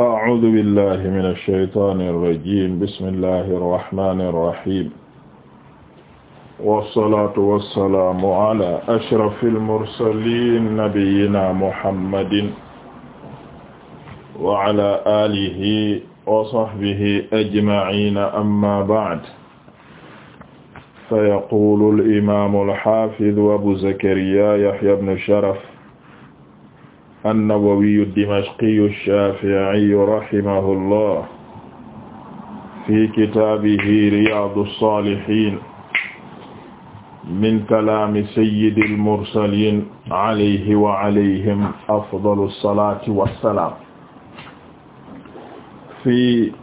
أعوذ بالله من الشيطان الرجيم بسم الله الرحمن الرحيم والصلاة والسلام على أشرف المرسلين نبينا محمد وعلى آله وصحبه أجمعين أما بعد فيقول الإمام الحافظ أبو زكريا يحيى بن شرف an-Nawawiyu ad-Dimashqiyu ash-Shafi'iyu rahimahullah fi kitaabihi Riyaadu as-Saalihiin min kalaami sayyidil mursaliin alayhi wa alayhim afdalu salaati wa salaam fi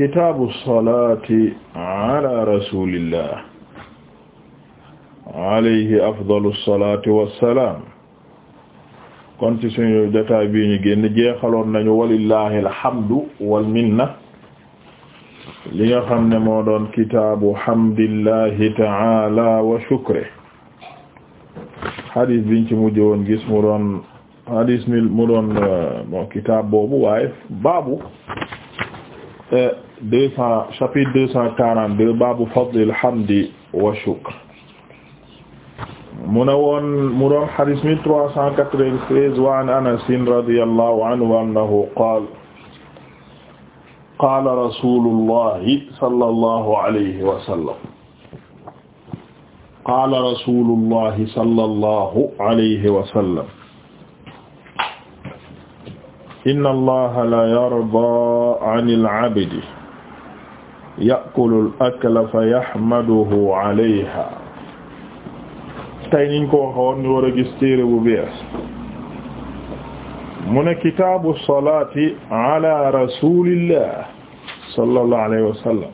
kitaabu salaati ala rasuulillah alayhi afdalu salaatu wassalaam kon ci suñu jotaay bii ñu génn jeexaloon nañu walillahi alhamdu wal minna li nga xam ne moo doon kitaabu hamdillahi ta'ala wa shukri hadis biñ ci mujj woon gis mu doon hadis mi mu doon bon kitaab boobu waaye baabu eh, deux cent chapitre deux cent quarante-deux baabu fadlil hamdi wa shukri mu ne woon mu doon xadis mille trois cent quatre-vingt-treize wa an Anas radiyallahu anhu annahu qaala qaala rasulullahi sallallahu alayhi wa sallam qaala rasulullahi sallallahu alayhi wa sallam inna allaha la yarda anil abdi ya'kulu al-akla fa yahmaduhu alayha tey niñ ko waxoon a gis téere bu bees mu ne kitaabu salaati ala rasulillah sallallahu alayhi wa sallam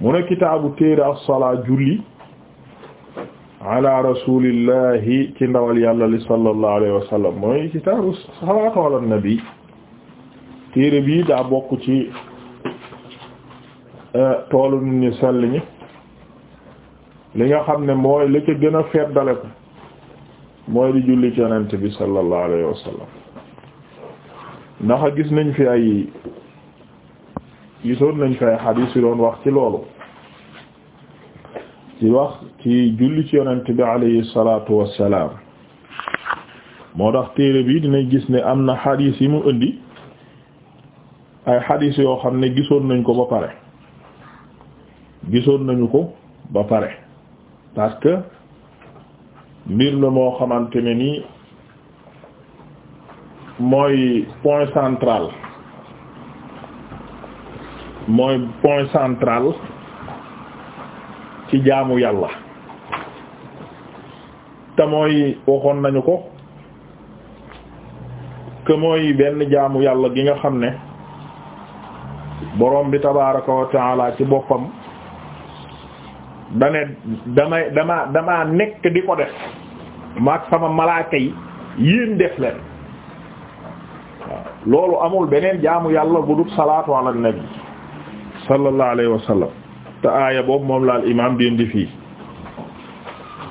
mu ne kitaabu téere as-salaa julli ala rasulillahi ci ndawal yàlla li sallallahu alayhi wa sallam mooy kitaabu salaatu ala nabi téere bii daa bokk ci eh, toolu nit li nga xam ne mooy li ca gën a feddale ko mooy di julli ci yonent bi sallallahu alayhi wa sallam ndax gis nañ fi ay gisoon nañ fi ay xadiis yu doon wax ci loolu ci wax ci julli ci yonent bi alayhi salaatu wassalaam moo tax téere bi dinañ gis ne am na xadiis yi mu indi ay xadiis yoo xam ne gisoon nañ ko ba pare gisoon nañu ko ba pare parce que mbir la moo xamante ne ni mooy point central mooy point central ci jaamu yàlla te mooy waxoon nañu ko que mooy benn jaamu yàlla gi nga xam ne borom bi tabaaraka wa taala ci boppam dane damay dama nekk di ko def maag sama malaaka yi yéen def leen loolu amul beneen jaamu yàlla bu dul salaatu ala nabi sallallahu alayhi wa sallam te aaya boobu moom la al imaam di indi fii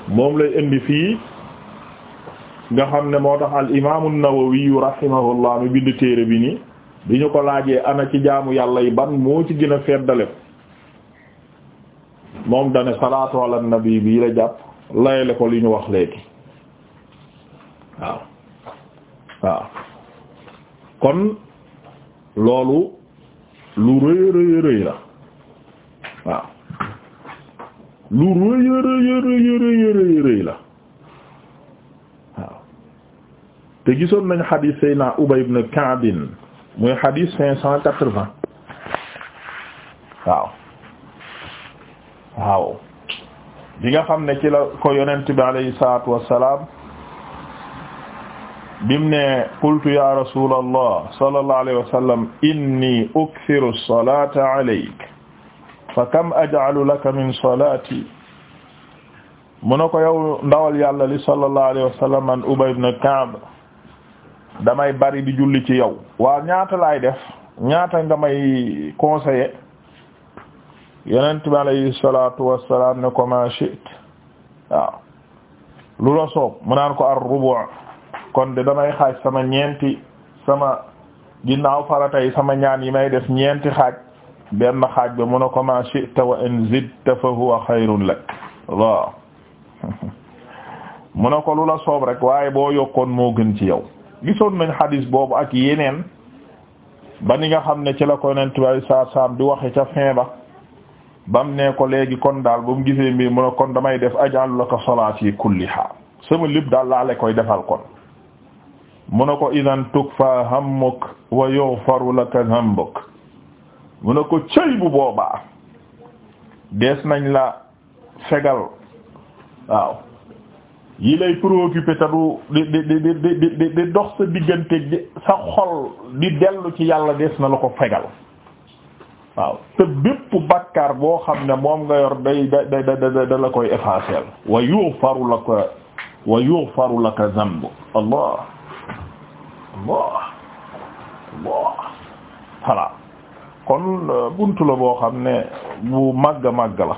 moom lay indi fii nga xam ne moo tax al imaamu Nawawi rahimahullah mi bind téere bi nii bi ñu ko laajee ana ci jaamu yàlla yi ban moo ci gën a feddale moom dane salaatu ala nabi bii la jàpp layale ko li ñu wax léegi waaw waaw kon loolu lu rëy rëy rëy la waaw lu rëy rëy rëy rëy rëy la waaw te gisoon nañ xadiis Seydina Ubay ibn Ka'b muy xadiis cinq cent quatre-vingt bi nga xam ne ci la ko yonent bi alayhi salaatu wassalaam bim ne qultu ya rasulallah sallallahu alayhi wa sallam inni ukthiru as-salata alayk fa kam aj'alu laka min salati mu ne ko yow ndawal yàlla li sallallahu alayhi wa sallam an Ubay ibn Ka'b damay bari di julli ci yow waa ñaata laay def ñaata nga may conseiller yonent bi alayhi salatu wassalam ne ko ma shi't waaw lu la soob mu naan ko ar rubu' kon de damay xaaj sama ñeenti sama ginnaaw farata yi sama ñaan yi may def ñeenti xaaj benn xaaj ba mu na ko ma shi'ta wa in zidta fa huwa xayrun lak waaw mu ne ko lu la soob rek waaye boo yokkoon moo gën ci yow gisoon nañ xadis boobu ak yeneen ba ni nga xam ne ci la ko yonent bi alayhi salatu wassalam di waxe ca fin ba bam ne ko léegi kon daal ba mu gisee mbir mu ne kon damay def ajalu laka salaati kulliha sama lépp daal laa la koy defal kon mu ne ko idan tukfa hammuk wa yughfaru laka dhanbuk mu ne ko cëy bu boobaa dees nañ la fegal waaw yi lay préoccupé te du di di di di di di dox sa diggante sa xol di dellu ci yàlla dees na la ko fegal waaw te bépp bàkkaar boo xam ne moom nga yor day da da da la koy effacer wa yughfaru laka wa yughfaru laka dhanb allah allah allah voilà kon euh, buntu la boo xam ne bu màgg màgg la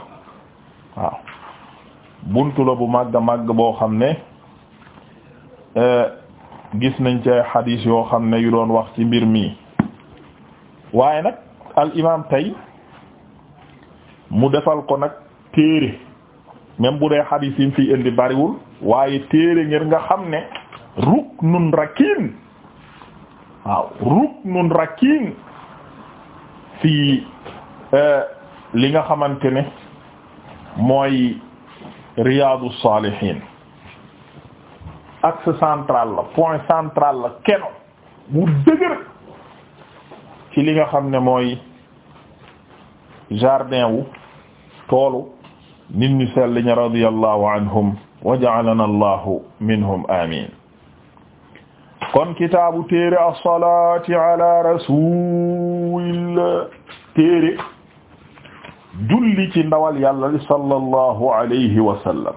waaw buntu la bu màgg màgg boo xam ne euh, gis nañ ci ay xadiis yoo xam ne yu doon wax ci mbir mi waaye nag al imam tey mu defal ko nag téere même bu dee xadiis fi indi bariwul waaye téere ngir nga xam ne ruknun rakin waaw ruknun rakin fii euh, li nga xamante ne mooy Riyadou Salihine axe central point central keno bu dëgër ci li nga xam ne mooy jardin wu toolu nit ñu sell ñi radiyallahu anhum wa ja'alana allahu minhum amin kon kitaabu téere as-salaati ala rasulillah téere julli ci ndawal yàlla li sallallahu alayhi wa sallam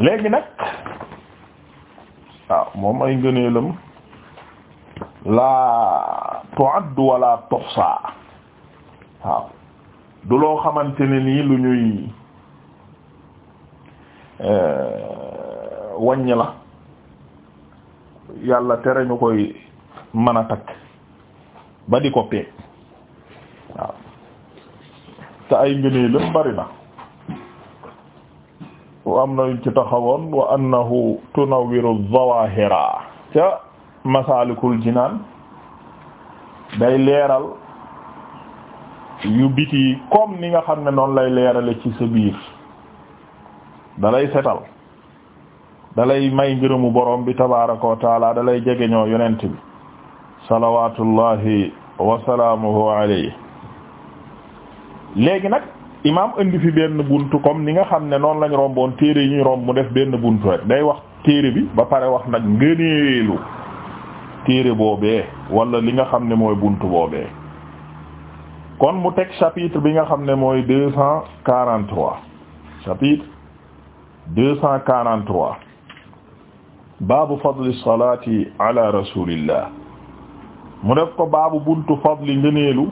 léegi nag waaw ah, moom ay ngëneelam la tu'addu wala tuhsa waaw du loo xamante ne nii lu ñuy euh, wàññi la yàlla tere ñu koy mën a takk ba di ko peeg waaw te ay ngënee lëm bari na wa am nañ ci taxawoon wa annahu tunawwiru zawahira ca masalikul jinaan day leeral yu biti comme ni nga xam ne noonu lay leerale ci sa biir dalay setal dalay may ngërëmu borom bi tabaaraka wa taala dalay jegeñoo yonent bi salawaatullahi wa salaamuhu alayhi léegi nag imaam indi fi benn bunt comme ni nga xam ne noonu lañ romboon téere yi ñu romb mu def benn bunt rek day wax téere bi ba pare wax nag ngëneelu téere boobee wala li nga xam ne mooy bunt boobee kon mu tek chapitre bi nga xam ne mooy deux cent quarante trois chapitre deux cent baabu fadli salaati ala rasulillah mu def baabu buntu fadli ngëneelu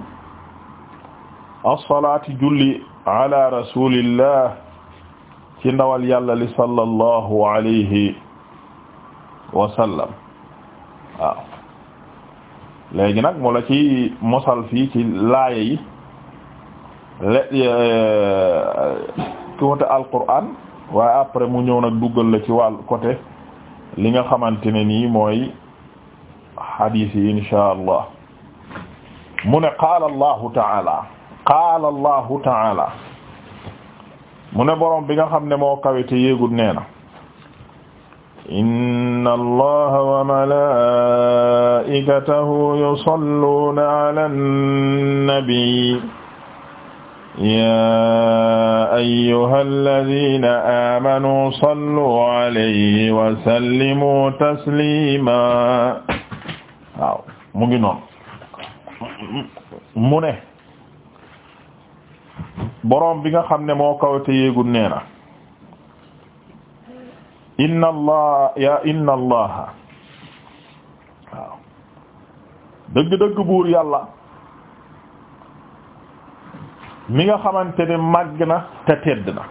as julli ala rasulillah ci ndawal yàlla li sallallahu alayhi wa léegi nag moo la ci mosal fii ci laaye yi le ci euh, côté waaye après mu ñëw nag duggal la ci wàll côté li nga xamante ne nii mooy hadith yi insha allah mu ne qaala allahu taala qaala allahu mu ne borom bi nga xam ne moo kawite yéegul nee na inna allaha wa malaa'ikatahu yusalluuna ala annabi yaa ayyuhal laziina aamanuu sallu alayhi wa sallimuu tasliima waaw mu ngi noonu mu ne boroom bi nga xam ne moo kawate yéegul nee na inna allah ya inna allah waaw dëgg-dëgg buur yàlla mi nga xamante ne màgg na te tedd na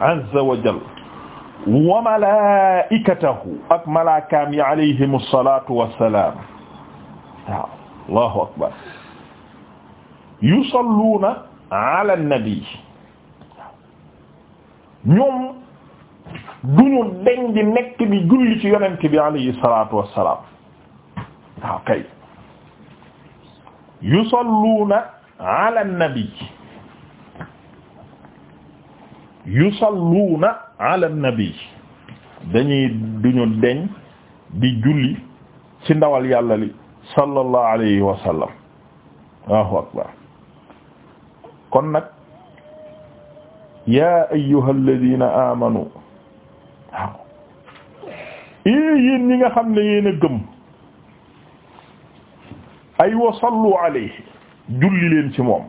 azza wa jal wa malaikatahu ak malaakaam yi alayhim alsalatu wassalaam waaw allahu akbar yusalluuna ala annabi ñoom du deñ di nekk di julli ci yonent bi alayhi salaatu wassalaam waaw kay yusalluuna ala nabi yusalluuna ala nabi dañuy duñu deñ di julli ci ndawal yàlla li sallallahu alayhi wa sallam akbar kon nag yaa ayyuha alladina amanu waaw yéen ñi nga xam ne yéen a gëm ay wa sallu alayhi julli leen ci moom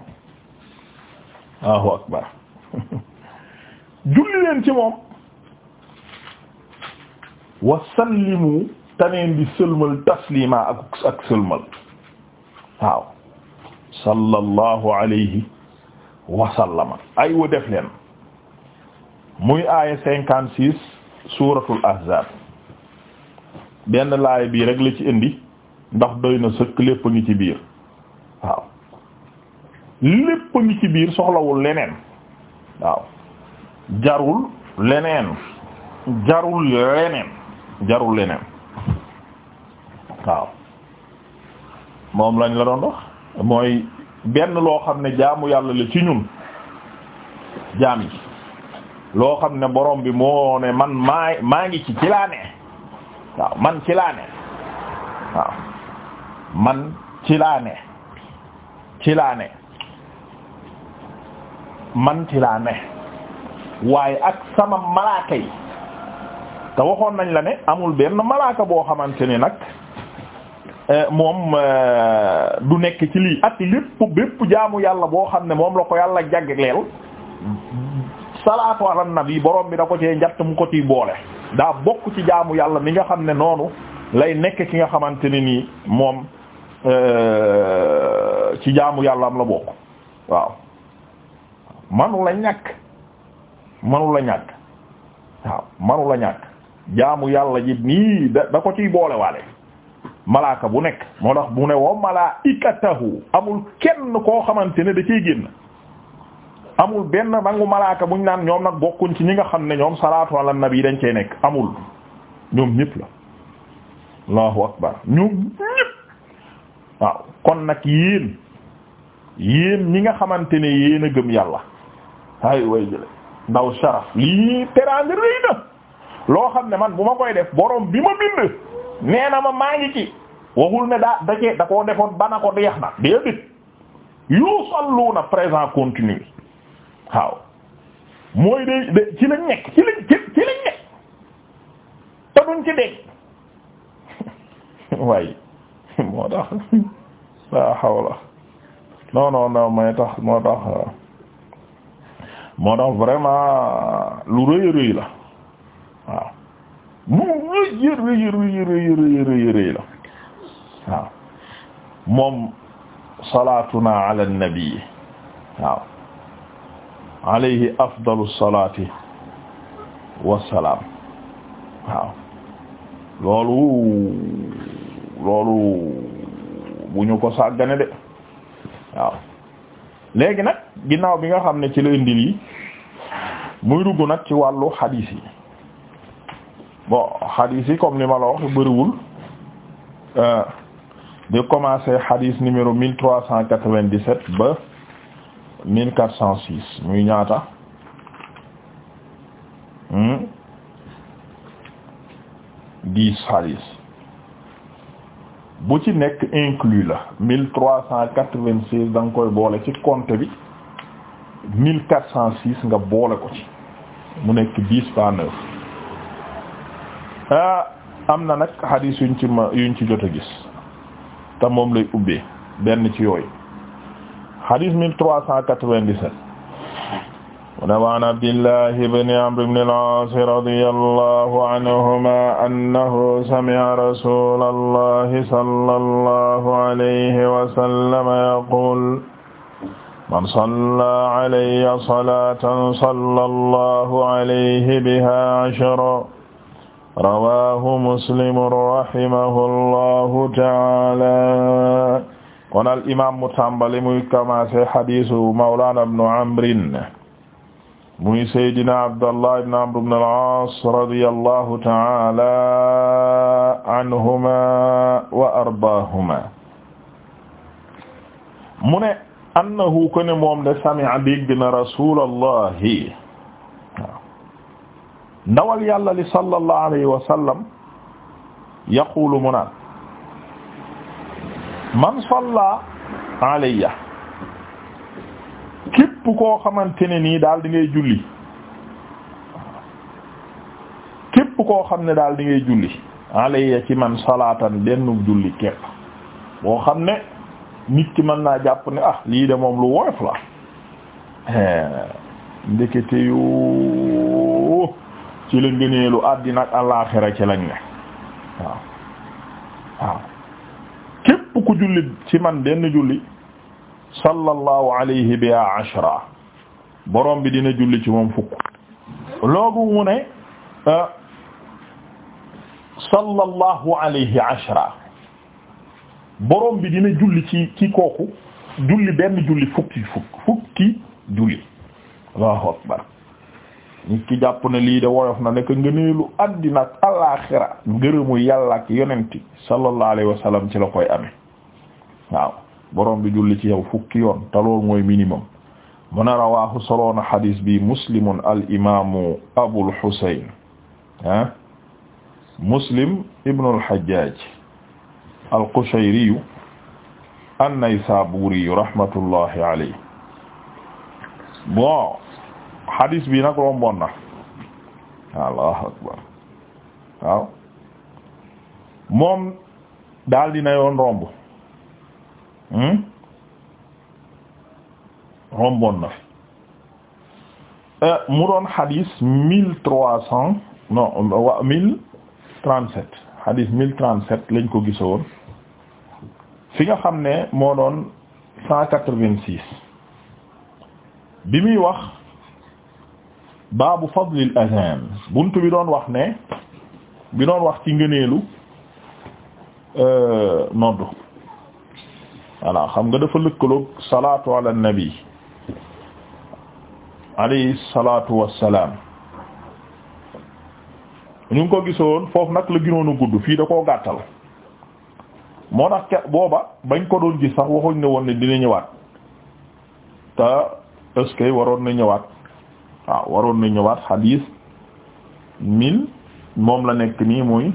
Allahu akbar julli leen ci moom wa sallimu taneen di sëlmal taslima ak ak sëlmal waaw sallallahu alayhi wa sallama ay wa def leen muy aaya cinquante six suuratul ahzaab benn laay bii rek la ci indi ndax doy na sëkk lépp ngi ci biir waaw lépp ngi ci biir soxlawul leneen waaw jarul leneen jarul leneen jarul leneen waaw moom lañ la doon wax mooy benn loo xam ne jaamu yàlla la ci ñun jaam yi loo xam ne borom bi moo ne man maa maa ngi ci ci laa ne waaw man ci laa ne ci laa ne ci man ci laa ne waaye ak sama malaaka yi te waxoon nañ la ne amul benn malaaka boo xamante ni nag eh, moom eh, du nekk ci lii ak lépp bépp jaamu yàlla boo xam ne moom la ko yàlla jagleel salaatu ala nabi borom bi da ko cee njatt mu ko ciy boole daa bokk ci jaamu yàlla mi nga xam ne noonu lay nekk ki nga xamante ne nii moom euh, ci jaamu yàlla am la bokk waaw manu la ñàkk manu la ñàkk waaw manu la ñàkk jaamu yàlla ji nii da da ko ciy boole waale malaaka bu nekk moo tax mu ne woo malaa'ikatahu amul kenn koo xamante ne da ciy génn amul benn rangu malaaka bu ñu naan ñoom nag bokkuñ ci ñi nga xam ne ñoom salaatu ala yi dañ cee nekk amul ñoom ñëpp la allahu akbar ñoom ñëpp waaw kon nag yéen yéen ñi nga xamante ne yéen a gëm yàlla ay way jële ndaw sharaf lii teraanga rëy na loo xam ne man bu ma koy def boroom bi ma bind nee na ma maa ngi ci waxul ne daa da cee da koo defoon bana ko deex na déedéet yusalluuna présent continu waaw mooy day de ci lañ nekk ci lañ nekk te ci dégg waaye moo tax laa hawla non non non tax moo tax moo tax vraiment lu rëy rëy la waaw mu rëy rëy rëy rëy rëy rëy la waaw moom salaatuna ala nabi waaw alayhi afdalu salaati wassalaam waaw loolu loolu bu ñu ko sàggane de waaw léegi nag ginnaaw bi nga xam ne ci la indil yi muy dugg nag ci wàllu xadiis yi bon xadiis yi comme li ma la wax bëriwul euh, de commencer xadiis numéro mille trois cent quatre-vingt-dix-sept ba mille quatre cent six muy ñaata hmm? dix hadis bu ci nekk inclus la mille trois cent quatre-vingt-seize da nga koy boole ci compte bi mille quatre cent six nga boole ko ci mu nekk dix par neuf ah, am na nag hadis yuñ ci ma yuñ ci jot a gis te moom lay ubbee benn ci yooyu hadith 1397 mu ne waan abdillahi bni amr bni al-aas radiyallahu anhuma annahu sami'a rasulallahi sallallahu alayhi wa sallam yaqul man salla alayya salatan sallallahu alayhi biha ashra rawahu muslim rahimahullahu ta'ala kon al imam mu tàmbali muy commencé hadisu mawlana ibnu amrin muy saydina abdallah ibn amr ibn al-aas radiyallahu ta'ala anhuma wa ardaahuma mu ne annahu ko ne moom de sami'a dégg na rasulallahi ndawal yàlla li sallallahu alayhi wa sallam yaqulu mu naan man salla alayya képp koo xamante ne nii daal di ngay julli képp koo xam ne daal di ngay julli alayya ci man salaatan benn julli képp boo xam ne nit ki mën naa jàpp ni ah lii de moom lu woyof la eh, ndekete yo ci la ngëneelu àddina ak àllaaxira ci lañ ne ku julli ci man benn julli sallallahu alayhi biha ashra borom bi dina julli ci moom fukk loogu mu ne euh, sallallahu alayhi ashra borom bi dina julli ci ci kooku julli benn julli fukki fukki julli allahu akbar nit ki jàpp ne lii de woyof na nekk ngëneelu àddina ak alaaxira ngërëmu yàlla ak yonenti sallallahu alayhi wa ci la koy amee waaw borom bi julli ci yow fukki yoon te loolu minimum mu ne rawaahu soloona xadis bi muslimun al imaamu abul husayn ah muslim ibnu al hajjaj al qushayriyu rahmatullahi alayhi akbar waaw daal dina yoon romb Hmm? romboon na fi euh, mu doon xadis mille trois cent non mille trente sept xadis mille trente sept lañ ko gisoon fi nga xam ne moo doon cent bi muy wax baabu fadlil azan bunt bi doon wax ne bi doon wax ci ngëneelu euh, noddu voilà xam nga dafa lëkkaloog salaatu ala nabi alayhi salaatu wassalaam ñu ngi ko gisoon foofu nag la gënoon a gudd fii da koo gàttal moo tax ke booba bañ ko doon gis sax waxuñ ne woon ne dina ñëwaat te est waroon na ñëwaat waaw ah, waroon na ñëwaat xadiis mille moom la nekk nii muy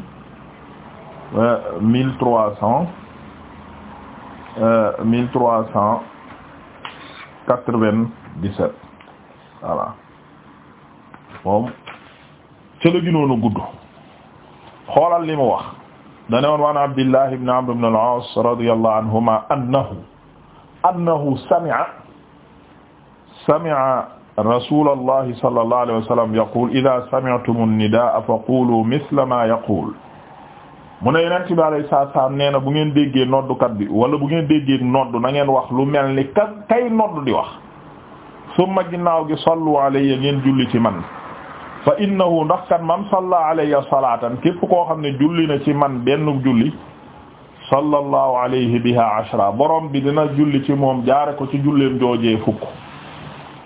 euh, mille trois cents Euh, mille trois cent quatre-vingt-dix-sept voilà moom ca la gënoon a gudd xoolal li mu wax dane woon waan Abdillah ibn Amr ibn al-As radiyallahu anhuma annahu annahu sami'a sami'a rasulallahi sallallahu alayhi wa sallam yaqul idha sami'tum an-nidaa faqulu mithla ma yaqul mu ne yeneen bi alayhi salaatu salaam nee na bu ngeen déggee noddukat bi wala bu ngeen déggee noddu na ngeen wax lu mel ni kay noddu di wax summa ginnaaw gi sallu alayya ngeen julli ci man fa innahu ndax kat man salla alayya salaatan képp koo xam ne julli na ci man benn julli sallallahu alayhi biha ashra borom bi dina julli ci moom jaare ko ci julleem joojee fukk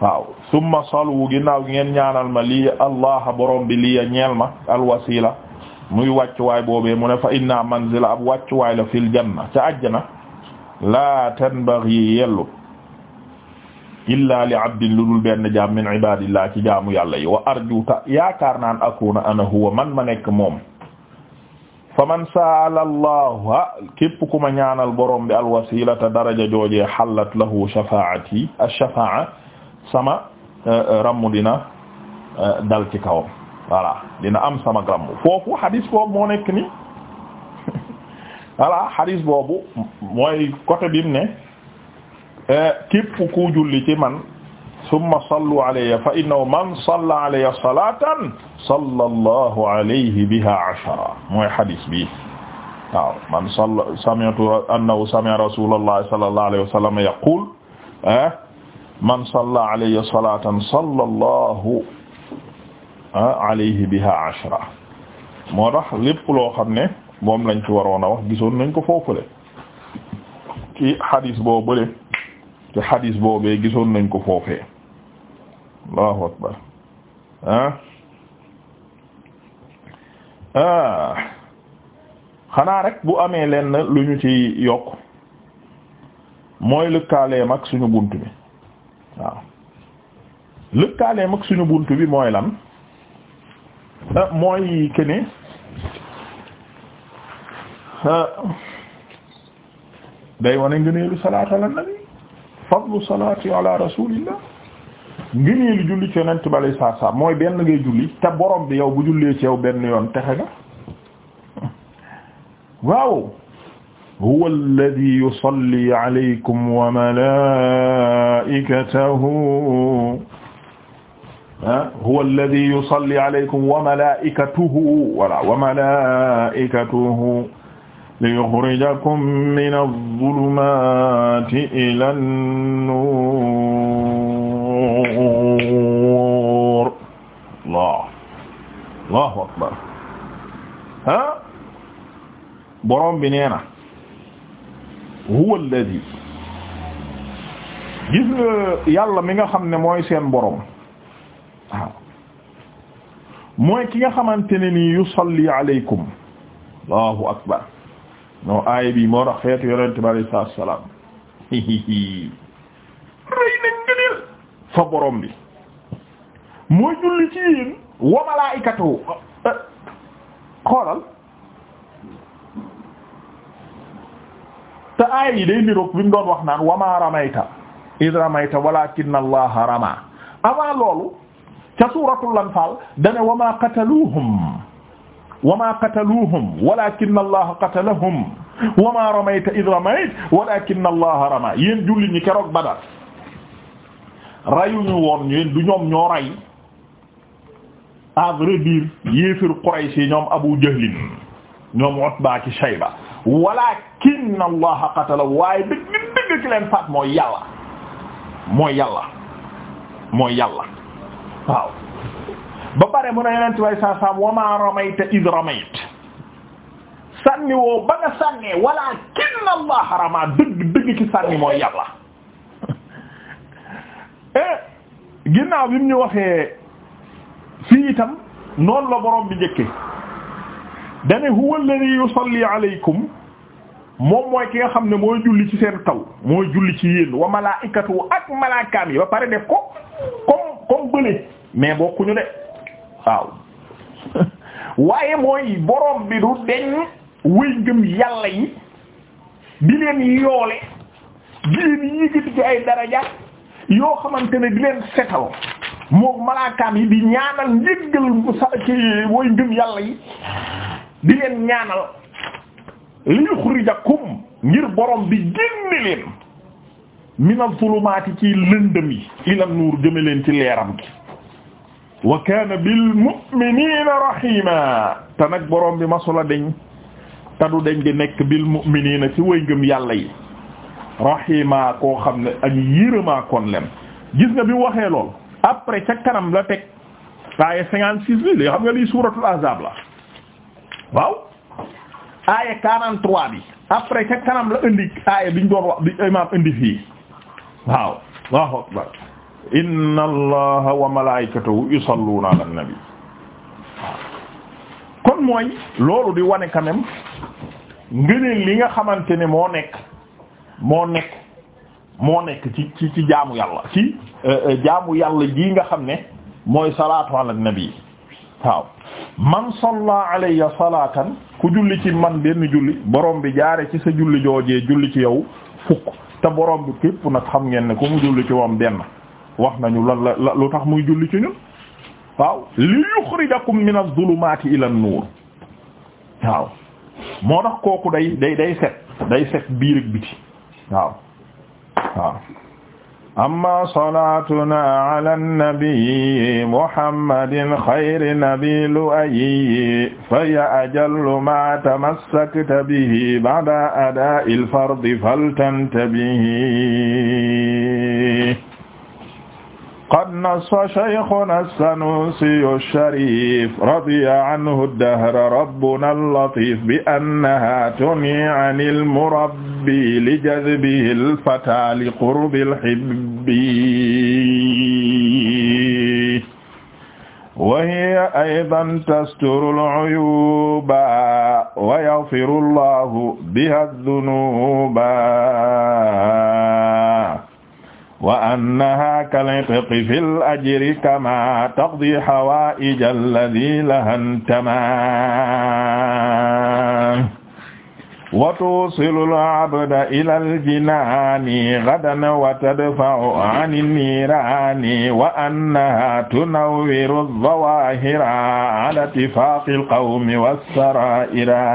waaw summa salwu ginnaaw gi ngeen ñaanal ma lii allah borom bi lii ñeel ma alwasila muy wàccuwaay boobee mu ne fa inna manzila ab wàccuwaay la fil janna ca àjjana laa tanbaghi yellut illa li abdin lu dul benn jaam min ibadillah jaamu yàlla yi wa arjuta yaakaar naan man ma nekk moom fa man saala allah képp ku ma ñaanal borom bi alwasilata daraja jooje xallat lahu shafaati ashafaa sama eh, eh, ramu dina eh, dal ci kawam voilà dina am sama gramme foofu xadis boobu moo nekk ni voilà xadis boobu mooy côté bi mu ne eh, képp ku julli ci man summa sallu alayya fa innahu man salla alayya salatan salla allahu alayhi biha ashara mooy xadis bi waaw man salla sami'tu annahu sami'a rasulallahi sallallahu alayhi wa sallam yaqul eh, man salla alayya salatan salla allahu alayhi biha ashra moo tax lépp loo xam ne moom lañ ci waroon a wax gisoon nañ ko foofule ci xadis boo bële ci xadis boobee gisoon nañ ko foofee allahu akbar ah. ah xanaa rek bu amee lenn lu ñu ci yokk mooy lëkkaaleem ak suñu bunt bi waaw lëkkaaleem ak suñu bunt bi mooy lan Euh, mooy que ne euh, day wane ngëneelu salaatu ala nabi fadlu salaati ala rasulillah ngëneelu julli ci yonent bi alay saa saa mooy benn ngay julli te borom bi yow bu jullee ci yow benn yoon texe nga waaw huwa alladhi yusalli alaykum wa malaa'ikatahu huwa alladhi yusalli alaykum wa malaa'ikatuhu wala wa malaa'ikatuhu liyukhrijakum min adh-dhulumati ila an-nur Allah Allahu akbar ah borom bi nee na huwa alladhi gis nga yàlla mi nga xam ne mooy seen borom waaw mooy ki nga xamante ne nii yusalli aleykum allahu akbar non aay bi moo tax xeetu yonente bi alayhi salaatu salaam rëy nañ ngëneel fa borom mooy julli wa malaa'ikatu eh, xoolal te aay yi day niroog bi mu doon wax naan wa maa ramayta id ramayta walaakinna allaha rama avant loolu ca suuratul anfaal dane wa maa qataluuhum wa maa qataluuhum walaakinna allaha qatalahum wa maa ramayta id ramayta walaakinna allaha rama yéen jullit ñi keroog Badar rayuñu woon yéen du ñoom ñoo ray à vrai dire yéefir Quraysh yi ñoom Abu Jahlin ñoom Utba ki Shayba walaakinna allaha qatala waaye dëgg dëgg ci leen faat mooy yàlla mooy yàlla mooy yàlla waaw ba pare mun a yeneen way saa saam wama ramayta id ramayt sànni woo ba nga sànnee walakin allah rama dëgg dëgg ci sànni mooy yàlla eh ginnaaw bi mu ñu waxee fii itam noon la borom bi njëkke dane huwa alladhi yusalli alaykum moom mooy ki nga xam ne mooy julli ci seen kaw mooy julli ci yéen wa malaa'ikatu ak malaakaam yi ba pare def ko comme comme bële mais bokkuñu de waaw waaye mooy borom bi du deñ wéy ngëm yàlla yi di leen yoole di leen yëkkati ci ay daraja yoo xamante ne di leen setal moom malaakaam yi di ñaanal njéggal sa ci woy ngëm yàlla yi di leen ñaanal li yuxrijakum ngir borom bi génne leen minal zulumaati ci lëndëm yi ila nuur jëme leen ci leeram gi wa kaana bil mu'miniina rahiima te nag borom bi masula deñ te du deñ di nekk bil mu'miniina ci way ngëm yàlla yi rahiima koo xam ne ak yërëmaa kon leen gis nga bi mu lool après ca kanam la teg aaya cinquante six bi li xam nga lii suuratul ahzaab waaw aaya 43 bi après ca kanam la indi aaya biñ doon wax bi imam indi fii waaw Allahu akbar inna allaha wa malaikatahu yusalluna ala nabi kon mooy loolu di wane quand même li nga xamante ne moo nekk moo nekk moo nekk ci ci ci jaamu yàlla ci euh, euh, jaamu yàlla ji nga xam ne mooy salaatu ala nabi waaw man salla alayya salaatan ku julli ci man benn julli borom bi jaare ci sa julli joojee julli ci yow fukk te borom bi képp nag xam ngeen ne ku mu julli ci moom benn wax nañu lan la lu tax muy julli ci ñun waaw li yuxrijakum min az-zulumaati ila an-nuur waaw moo tax kooku day day day set day set biir ak biti waaw waaw amma salaatuna ala nabiyi muhammadin xayri nabi lu'ayyi faya ajallu ma tamassakta bihi ba'da adaa'il fardi faltantabihi qad nassa shaykhunaa as-Sanusi ash-Sharif radiya anhu ad-dahra rabbunaa al-latif bi annahaa tughni ani al-murabbi li jazbihi al-fataa li qurbi al-hibbi wa hiya aydan tasturu al-uyuba wa yaghfiru Allahu bihaa ad-dhunuba wa annaha kal-'itqi fil ajri kama taqdi hawaa'ija alladhi laha intamaa wa tusilu al-'abda ila al-jinaani ghadan wa tadfa'u 'ani an-niiraani wa annaha tunawwiru adh-dhawaahira 'ala ittifaaqi al-qawmi was-saraa'ira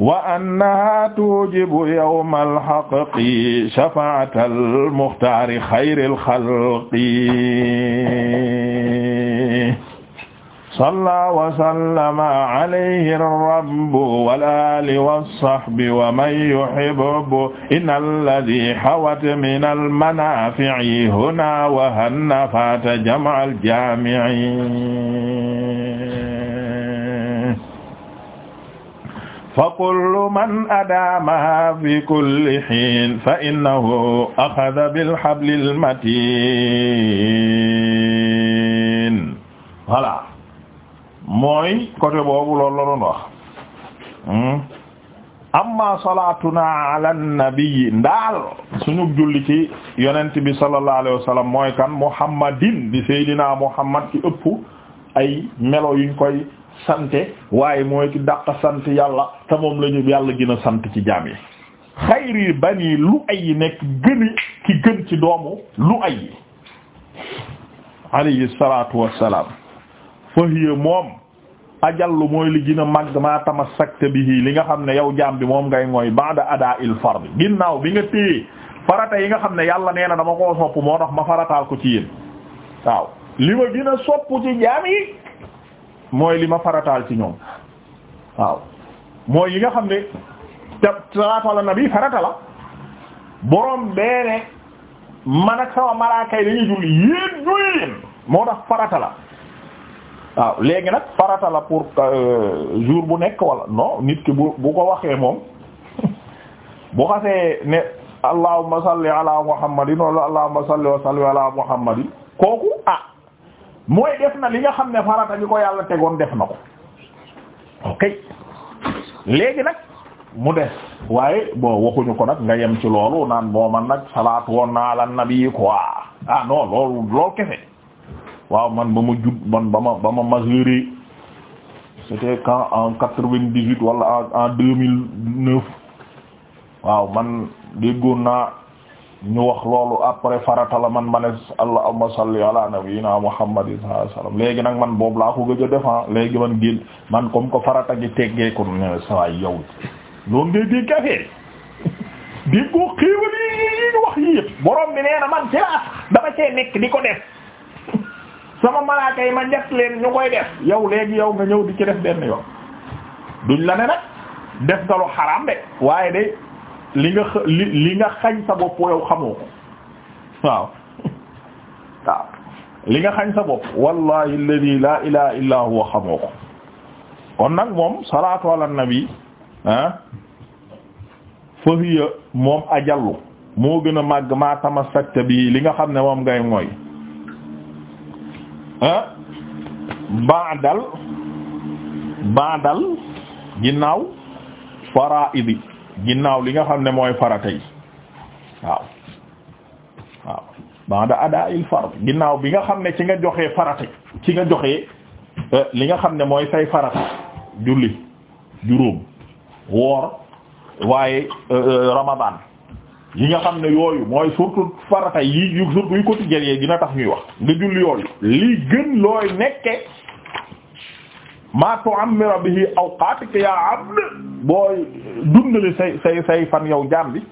wa annaha tujibu yawma alxaqi shafaata almuxtaari xayri alxalqi salla wa sallama alayhi rabbu wal aali wassahbi wa man yuhibbu inna allazii hawat min almanaafi'i huna wa hannafaata jam'al jaami'i فكل من أدامها في كل حين فإنه أخذ بالحبل المتين voilà mooy côté boobu loolu la doon wax hmm? amma salaatuna ala nabi ndaal suñu julli ci yonent bi sallallahu alayhi wa sallam mooy kan muhammadin di seydina muhammad ci ëpp ay melo yuñ koy sante waaye mooy ki dàq sant yàlla te moom lañu yàlla gën sant ci jaam yi xayri bani lu ay nekk gëni ki gën ci doomu lu ay alayhi salaatu wassalaam fa hiya moom ajallu mooy li gën a màgg maa tamassakta bihi li nga xam ne yow jaam bi moom ngay mooy ba'da adaa il fard ginnaaw bi nga téye farata yi nga xam ne yàlla nee na dama koo sopp moo tax ma farataal ko ci yéen waaw li ma gën sopp ci jaam yi mooy li ma farataal ci ñoom waaw mooy yi nga xam ne te salaatu ala nabi farata la borom man ak sama malaakay dañuy julli yéen moo tax farata la waaw léegi nag farata la pour euh, jour bu nekk wala non nit ki bu bu ko waxee moom bu xasee ne allahumma salli ala muhammadin wala allahumma salli wa salli ala muhammadin kooku ah mooy def na li nga xam ne farata bi ko yàlla tegoon def na ko ok léegi nag mu des waaye boo waxuñu ko nag nga yem ci loolu naan boo man nag salaatu woon naa la nabi quoi ah non loolu loolu kese waaw man ba ma jub man ba ma ba ma majeur c'était quand en quatre-vingt-dix-huit wala en deux mille neuf waaw man déggoon naa ñu wax loolu après farata la man ma ne allahumma salli ala nabiyyina muhammadin sallallahu alayhi wasallam léegi nag man boobu laa ko gëj a defan ah. léegi man génn man kom ko farata gi teggeeku ne sawaay yow loolu ngay dégg affaire di ko xéewal yi yi wax yi yëpp borom bi nee man ci laa dama cee nekk di ko def sama malaaka ma njett leen ñu koy def yow léegi yow nga ñëw di ci def benn yoon duñ la ne def nga lu xaraam waaye de li nga li nga xañ sa bopp yow xamoo ko waaw waaw li nga xañ sa bopp wallahi alladhi la ilaha huwa xamoo ko kon nag moom salaatu ala nabi ah fa hiya moom ajallu moo gën a màgg ma tamassakta bi li nga xam ne moom ngay mooy ah, baadal ba'dal ginnaaw faraa'idi ginnaaw li nga xam ne mooy farata yi waaw waaw ba'da adaa'il fard ginnaaw bi nga xam ne ci nga joxee farata ci nga joxe euh, li nga xam ne mooy say farata julli juróom woor waaye euh, euh, ramadan yi nga xam ne yooyu mooy surtout farata yi yu surtout yu quotidien yi dina tax ñuy wax nga julli yooyu li gën looy nekke ma tu'ammiru bihi awqatika ya abd booy dundali say say say fan yow jaam bi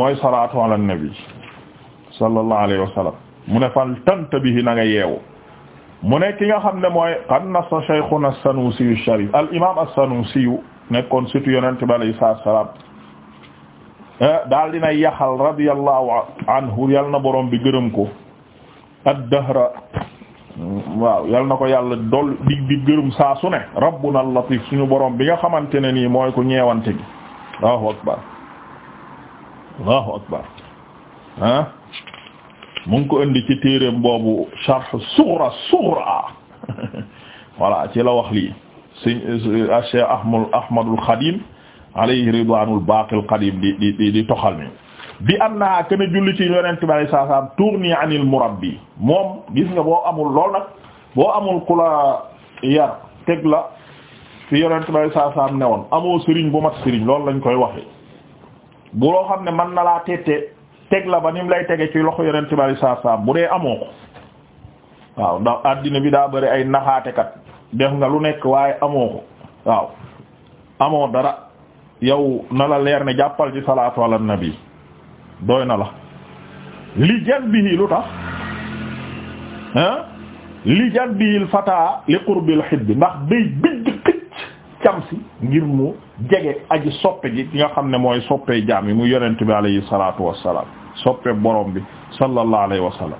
mooy salaatu ala nabi sallallahu alayhi wa sallam mu ne fan tantabihi na nga yeewu mu ne ki nga xam ne mooy qad nassa shaykhuna as-Sanusi sharif al imam as-Sanusi nekkoon surtout yonente bi alayhi salaam eh, daal dina yaxal radiyallahu anhu yal na borom bi gërëm ko ad-dahra waaw yal na ko yàlla dool dig di gërëm saa su ne rabbuna latif suñu borom bi nga xamante ne nii mooy ko ñeewante gi akbar allahu akbar ah mu ngi ko indi ci téereem boobu sharh sughra sughra voilà ci la wax lii si euh, Cheikh ahmad ahmadul xadim alayhi ridwanul baqil qadim di di di toxal ni bi am naa kenn julli ci yonent bi alayhi salaam tourni moom gis nga boo amul lool nag boo amul ku la yar teg la fi yonent bay saa saam ne woon amoo sëriñ bu mat sëriñ loolu lañ koy waxe bu loo xam ne man na laa teete teg la ba ni lay tege ci loxo yonent bay saa saam bu dee amoo ko waaw ndax àddina bi daa bari ay naxaate kat def nga lu nekk waaye amoo ko waaw amoo dara yow na la leer ne jàppal ci salaatu na nabi doy na la li jan bi lu tax li jadbil fata li qurbil bi ndax day bijj xicc cam ngir mu jege aji soppe ji nga xam ne mooy soppe jaam yi mu yonent bi alayhi salatu wassalam soppe borom bi sallallahu alayhi wa sallam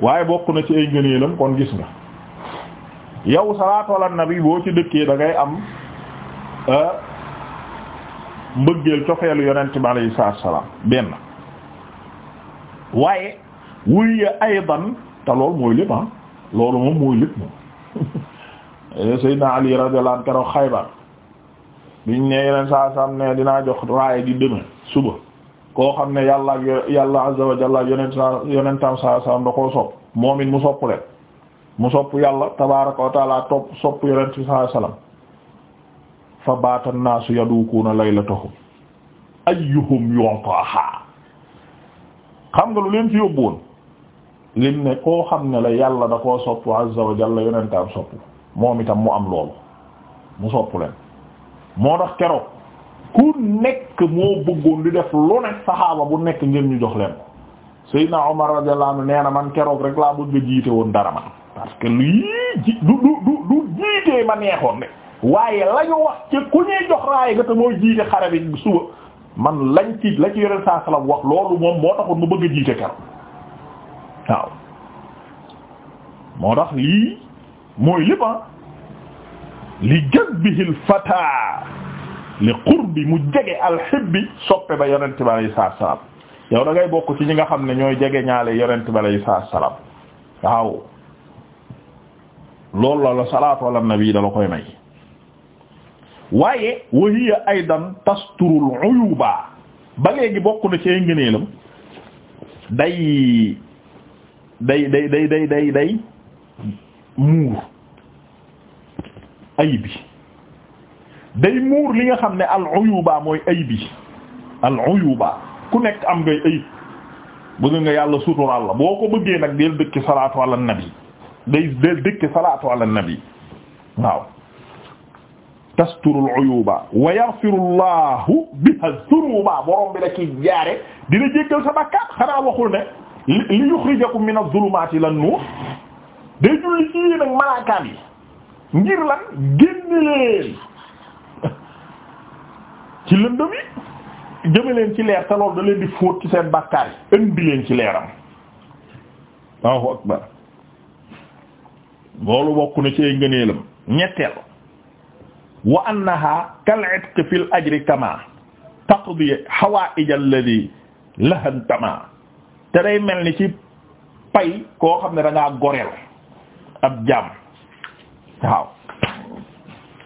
waaye bokk na ci gis nga yow salaatu ala nabi boo ci dëkkee da ngay am euh, mbëggeel cofeelu yonent bi alayhi salatu wassalam benn waaye wuy aydan te lool mooy lépp ah. loolu moom mooy lépp moom eh, Seydina Ali radiyallahu anhu keroog Xaybar biñ ne yeneen saa sam ne dinaa jox waaye di deme suba koo xam ne yàlla ak yàlla azza wa jalla saa sam da sopp moom mu sopp leen mu sopp yàlla tabaaraka wa taala topp sopp yonent saa sallam fa baata naasu yadukuuna laylatahum ayyuhum yu'taaha xam nga lu leen fi yóbbu woon lim ne koo xam ne la yàlla da koo sopp azza wa jalla yonentam sopp moom itam mu am loolu mu sopp leen moo tax keroog ku nekk moo bëggoon di def lu ne saxaaba bu nekk ngeen ñu jox leen ko Seydina Omar radiyallahu anhu nee na man keroog rek laa bëgg a jiite woon dara man parce que lii ji du du du du jiitee ma neexoon ne waaye la ñu wax ci ku ñuy jox raay nga te moo jiite xare bi suba man lañ ci la ci yonent saa salam wax loolu moom moo taxoon mu bëgg a waaw moo tax lii mooy lépp ah. li jazbihi al fata li qurbi mu jege alxibbi soppe ba yonent bi alayhi salaatu salaam yow da bokk ci ñi nga xam ne ñooy jege ñaale yonent bi alayhi salaatu wa salaam waaw loolu la la salaatu ala nabi da koy may waaye wa hiya aydan tasturul uyuba ba léegi bokk na ci ay day day day day day day day muur ayib yi day muur li nga xam ne al uyuba mooy ayib yi al uyuba ku nekk am ngay ayib bëgg nga yàlla suturaal la boo ko bëggee nag del dëkk salaatu ala nabi day del dëkk salaatu ala nabi waaw tasturul uyuba wa yaghfirullahu biha dhunuba borom bi la ci jaare dina jéggal sa bakkaat xanaa waxul ne li yuxrijakum mina zulumaati ilan nuur day julli ci yéen ak malaakaam yi ngir lan génne leen ci lëndëm yi jëme leen ci leer te loolu da leen di fóot ci seen bàkkaar yi indi leen ci leeram Allahu akbar loolu bokk na ci ay ñetteel wa annaha kal itq fil ajri kama taqdi hawaa'ij alladhi laha tama te day mel ni ci pay koo xam ne da ngaa goreel ab jaam waaw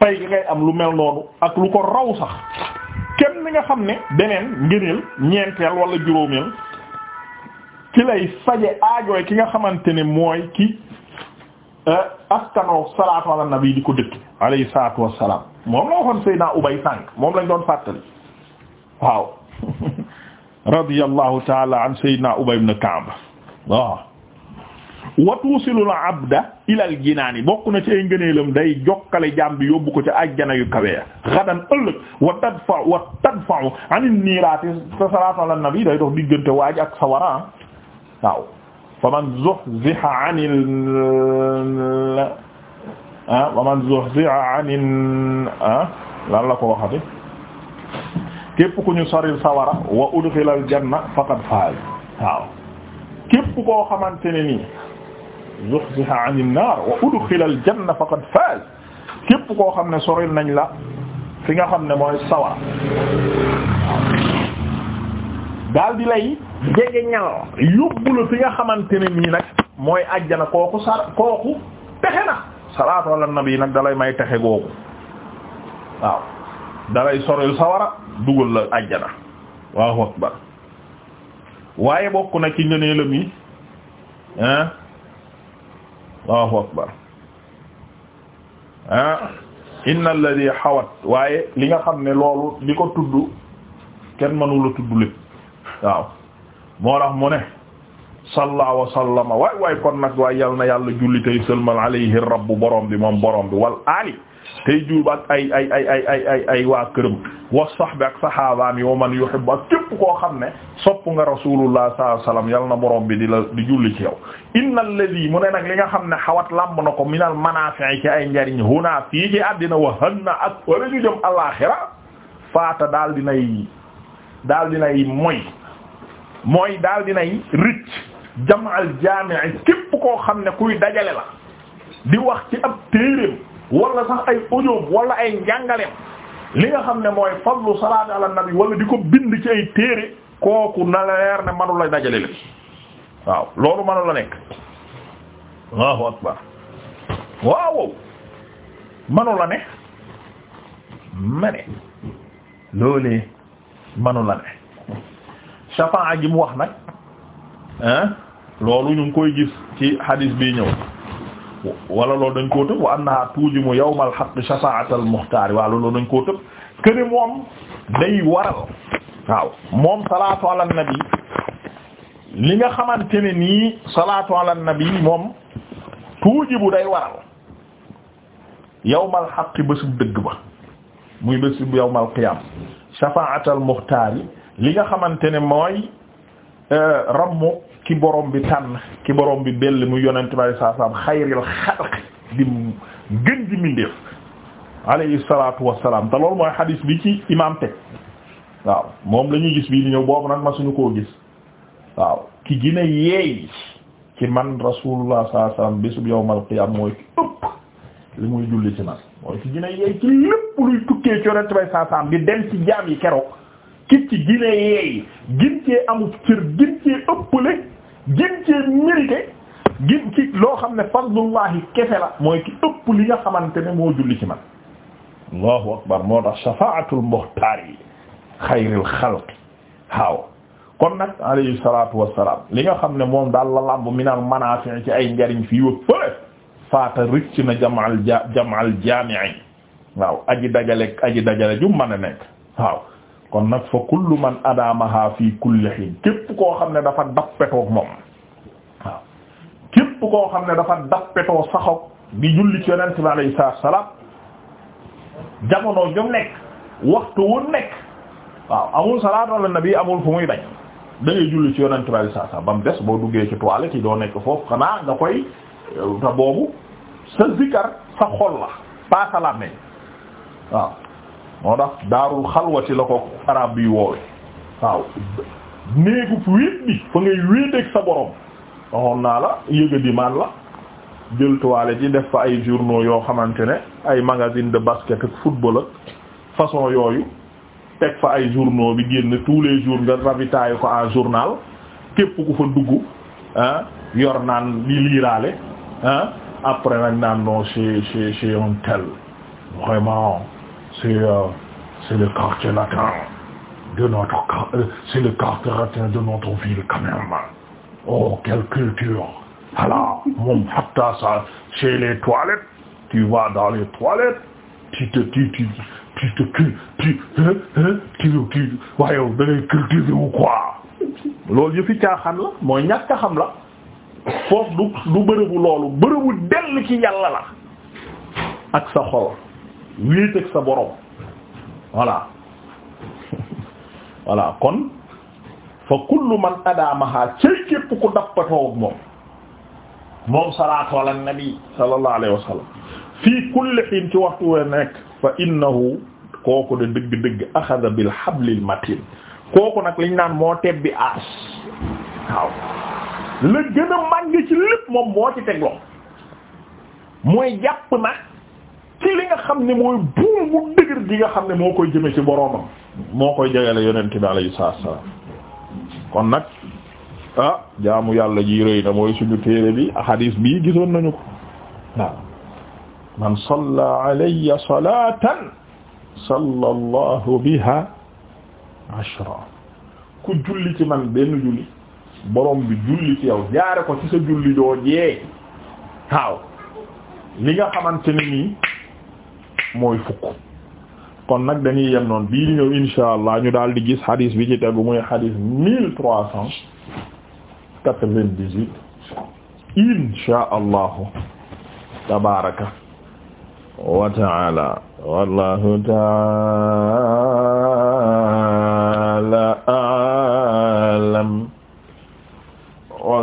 pay gi ngay am lu mel noonu ak lu ko raw sax kenn ni nga xam ne beneen ngëneel ñeenteel wala juróomeel ki lay faje aajooy ki nga xamante ne mooy ki eh, askanoo salaatu ala nabi di ko dëkk alayhi salaatu wassalaam moom moom lañ doon fàttali waaw radiyallahu taala an sayyidina Ubay ibn Ka'b waaw wa tuusilul abda ilal jinaani bokk na ci ay ngëneelam day jokkale jaam bi yóbbu ko ca ajjana yu kawe xadan ëllëg wa tadfa wa tadfa'u an niiraati te salaatu ala nabi day dox diggante waaj ak sawara waaw fa man zuhziha anil ah wa man zuhziha anil ah lan la ko waxati képp ku ñu soril sawara wa udxilal janna faqad faaz waaw képp koo xamante ne nii zuhziha anin naar wa udxilal janna faqad faaz képp koo xam ne soril nañ la fi nga xam ne mooy sawara daal di lay jege ñal yóbbu la fi nga xamante ne nii nag mooy ajjana kooku sar kooku texe na salaatu ala nabi nag dalay may texe googu waaw dalay soril sawara dugal la àjjana waaw akbar waaye bokk na ci ngëneelam yi ah waaw akbar ah inna alladhi xawat waaye li nga xam ne loolu li ko tudd kenn mënu tudd lépp waaw moo tax mu ne salla wa sallama waay waay kon nag waay yal na yàlla julli tay sëlmal alayhi rabbu borom bi moom borom bi wal ali tey jub ak ay ay waa këram wa sahbi ak sahabaam yi wa man yuhibbu ak képp koo xam ne sopp nga rasulullah sallallahu alayhi yal na borom bi di la di julli ci yow innal ladhi mu ne nag li nga xam ne xawat làmb na ko minal manaafi' ci ay njariñ huna fii ci àddina wa hanna ak wala ñu jëm alaaxira faata daal di daal dinay moy mooy di dinay rëcc jam'al jaami'i képp koo xam ne kuy dajale la di wax ci ab wala sax ay audiom wala ay njàngaleem li nga xam ne mooy fadlu salaat ala nabi wala di ko bind ci ay téere kooku na leer ne manu la dajale waaw loolu manu la nekk allahu akbar waaw manu la ne ma ne loolee manu ne shafaa ji mu wax nag loolu ñu koy gis ci hadis bii ñëw wala loolu dañ koo tëb wa annaha tuujimu yawmal haqq shafa'atal muxtaar waaw loolu dañ koo tëb këne moom day waral waaw moom salaatu ala nabi li nga xamante ne nii salaatu ala nabi moom tuujibu day waral yawmal haqq bésub dëgg ba muy bésub yawmal qiyaam shafa'atal muxtaar li nga xamante ne mooy euh, rammu ki borom bi tànn ki borom bi bell mu yonent bari saa saam xayril xalq di gën di mindeef alayhi salaatu wassalaam te loolu mooy xadiis bi ci imaam teg waaw moom la gis bii di ñëw boobu nag ma suñu koo gis waaw ki gën a yeey ci man rasulullah saa saam bésub yawmal qiyaam mooy ki ëpp li muy julli ci man mooy ki gën yeey ci lépp luy tukkee ci yonent bari saa saam di dem ci jaam yi keroog ki ci gën yeey gin cee amut cër gin cee ëppale gin loo xam ne fadlullahi kese la moo ki ëpp li nga xamante ne moo julli ci man allahu akbar moo tax shafaatul muxtaar yi xayril xalqi waaw kon nag alayhi salatu wassalam li nga xam ne moom daal la lamb minal manaafi' ci ay njariñ fii wëg fële faata rëcc na jamaal ja jamaal jaami'i waaw aji dajale aji dajale ju mën a nekk waaw kon nag fa kullu man adaamaha fi kulli hin képp koo xam ne dafa dappetoog moom waaw képp koo xam ne dafa dappetoo saxoog di julli ci yonent bi alayhi salaam jamono jom nekk waxtu wu nekk waaw amul salaatu ala nabi amul fu muy dañ da julli ci yonent bi alayhi salaam ba mu des boo duggee ci toilette yi doo nekk foofu xanaa nga koy te boobu sa zikar sa xol la paasalaat nañ waaw moo tax daarul xalwati la ko arab bi woowe waaw néegu wéet bi fa ngay wéeteeg sa borom waxoon naa la yëga di maan la jël toile ji def fa ay journaux yoo xamante ne ay magazine de basket ak football ak façon yooyu teg fa ay journaux bi génn tous les jours nga ravitaille ko en journal képp ku fa dugg ah yor naan di liiraale ah après nag naan non c'est c'est c'est un tel vraiment c'est euh, c'est le quartier de notre euh, c'est de notre ville quand même oh, quelle culture voilà moom hatta ça chez les toilettes tu vas dans les toilettes tu te tu tu tu te euh, tu tu tu tu waaye yow da ngay cultiver ou quoi loolu yëfi caaxaan la mooy ñàkk a xam la dell ci yàlla la ak wéet ak sa borom voilà voilà kon fa kullu man adaamaha cay képp ku dappatoo ak moom moom salaatu ala nabi sallallahu alayhi wa sallam fii kulli ci waxtu wa nekk fa innahu kooku de dëgg-dëgg axada bil hablil matin kooku nag liñ naan moo tebbi aas waaw la gën a màgg ci lépp moom moo ci tegloo mooy jàpp na ci li nga xam ni mooy buum bu dëgër gi nga xam ne moo koy jëme ci boroomam moo koy jegele yonent bi alayhi salaam kon nag ah jaamu yàlla ji rëy na mooy suñu téere bi hadis bii gisoon nañu ko waaw man salla alayya salatan salla biha ashra ku julli ci man benn julli borom bi julli yow jaare ko ci julli joojee waaw li nga xamante ne mooy fukk kon nag dañuy yem noonu bii di ñëw insha allah ñu daal di gis hadith bi ci tegu muy hadith mille trois cent quatre-vingt-dix-huit insha allahu tabaraka wa ta'ala wallahu